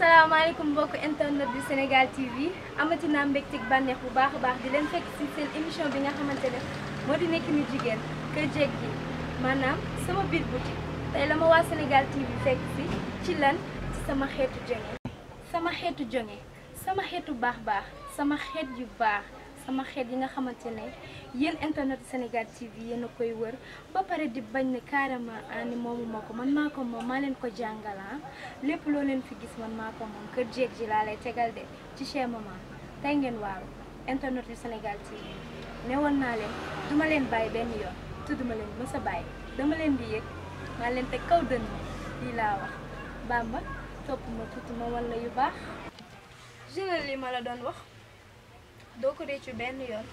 asalaamaaleykum mbokk internet du Sénégal TV amati naa mbégteeg bànneex bu baax a baax di leen fekk ci seen émission bi nga xamante ne moo di nekk nu jigéen kër jeeg gi maanaam sama biir boutique tey la ma waa Sénégal TV fekk si ci lan sama xeetu jonge sama xeetu jonge sama xeetu baax baax sama xeet yu baax sama xeet yi nga xamante ne yéen internet Sénégal TV yéen a koy wër ba pare di bañ ne carrément ani ah, moomu ko man naa ko moom maa leen ko jàngal ah. lépp loo leen fi gis man maa ko moom kër jéeg ji laa lay tegal de ci chez tey ngeen waaru internet Sénégal TV ne woon naa leen duma leen bàyyi benn yoon te duma leen mës a bàyyi dama leen di yëg maa leen te kaw dënn lii laa wax Bamba topp ma tuuti ma wan yu baax jëlal li ma la doon wax doo ko réccu benn yoon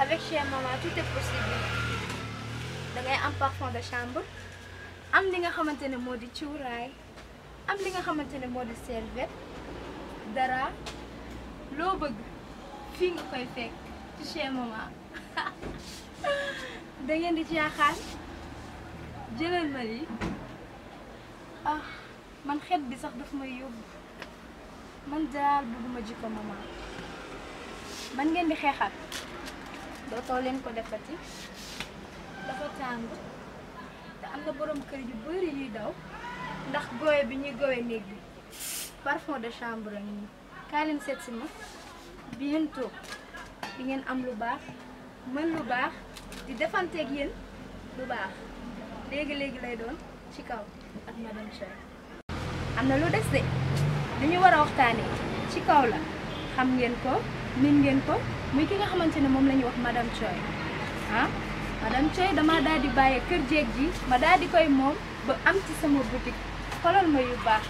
avec chez maman tout est possible da am parfum de chambre am li nga xamante ne moo di cuuraay am li nga xamante ne moo di serviette dara loo bëgg fii nga koy fekk ci chez maman da ngeen di caaxaan jëlal ma lii ah man xet bi sax daf may yóbbu man daal bëgguma jikko maman man ngeen di xeexal dootoo leen ko defati dafa tàng te am na borom kër yu bari yuy daw ndax gooye bi ñuy gooye néeg bi parfum de chambre ngi nii kaa leen seet si ma bientôt di ngeen am lu baax mën lu baax di defanteeg yéen lu baax léegi-léegi lay doon ci kaw ak madame Cheikh am na lu des de li ñu war a waxtaanee ci kaw la xam ngeen ko min ngeen ko muy ki nga xamante ne moom la ñuy wax madame Thioye ah madame Thioye damaa daal di kër jeeg ji ma daal di koy moom ba am ci sama boutique xolal ma yu baax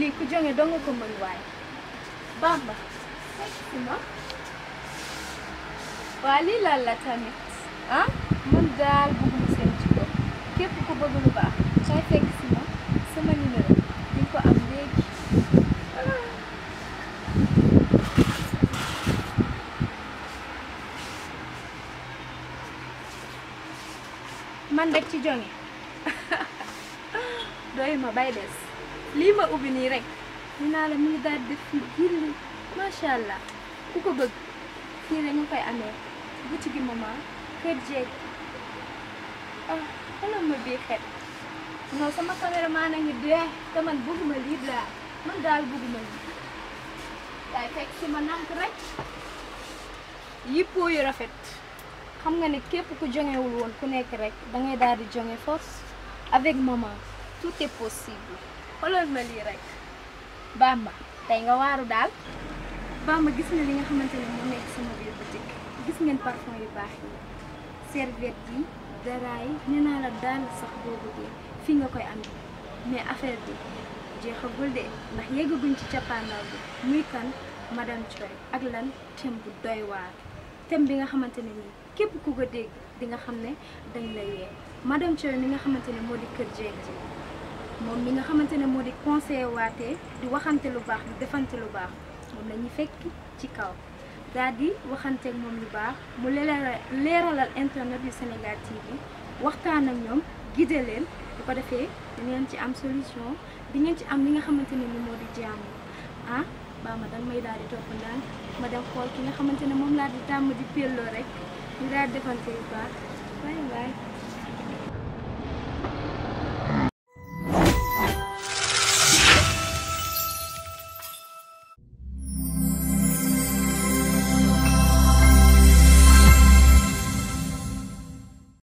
lii ku jonge doo ko mën waaye baax ba ma waa lii laal la tamit ah man daal bëgguma seen ci ko képp ku bëgg lu baax sooy fekk si ma man ci jonge doyu ma bay des lii ma ubbi nii rek ñu naa la muy daal def fi gilli macha allah ku ko bëgg fii rek koy amee buti gi maman kër jeeg ah xanaa ma bii xet non sama caméraman a ngi dee te man bëgguma lii daal man daal bëgguma lii waaye fekk si ma nank rek yippoo yu rafet xam nga ni képp ku joŋewul woon ku nekk rek da ngay daal di joŋe force avec maman tout est possible xoolal ma lii rek ma tey nga waaru daal ma gis nga li nga xamante ne moo nekk sama biir boutique gis ngeen parfum yu baax yi serviette yi daraay nee naa la daal sax boo bëggee fii nga koy am mais affaire bi jeexagul de ndax yeggaguñ ci cappaandaw bi muy kan madame Thioye ak lan thème bu doy waar thème bi nga xamante ne nii képp ku ko dégg di nga xam ne dañ la yee madame Thiel mi nga xamante ne moo di kër jeeg moom mi nga xamante ne moo di conseiller waatee di waxante lu baax di defante lu baax moom la ñu fekk ci kaw daal di waxante ak moom lu baax mu leeralal internet yu Sénégal TV waxtaan ak ñoom guider leen bu ko defee di ngeen ci am solution di ngeen ci am li nga xamante ne ni moo di jaamu ah baa ma danga may daal di topp ndànk ma dem xool ki nga xamante ne moom laa di tàmm di pelloo rek That the country things, but.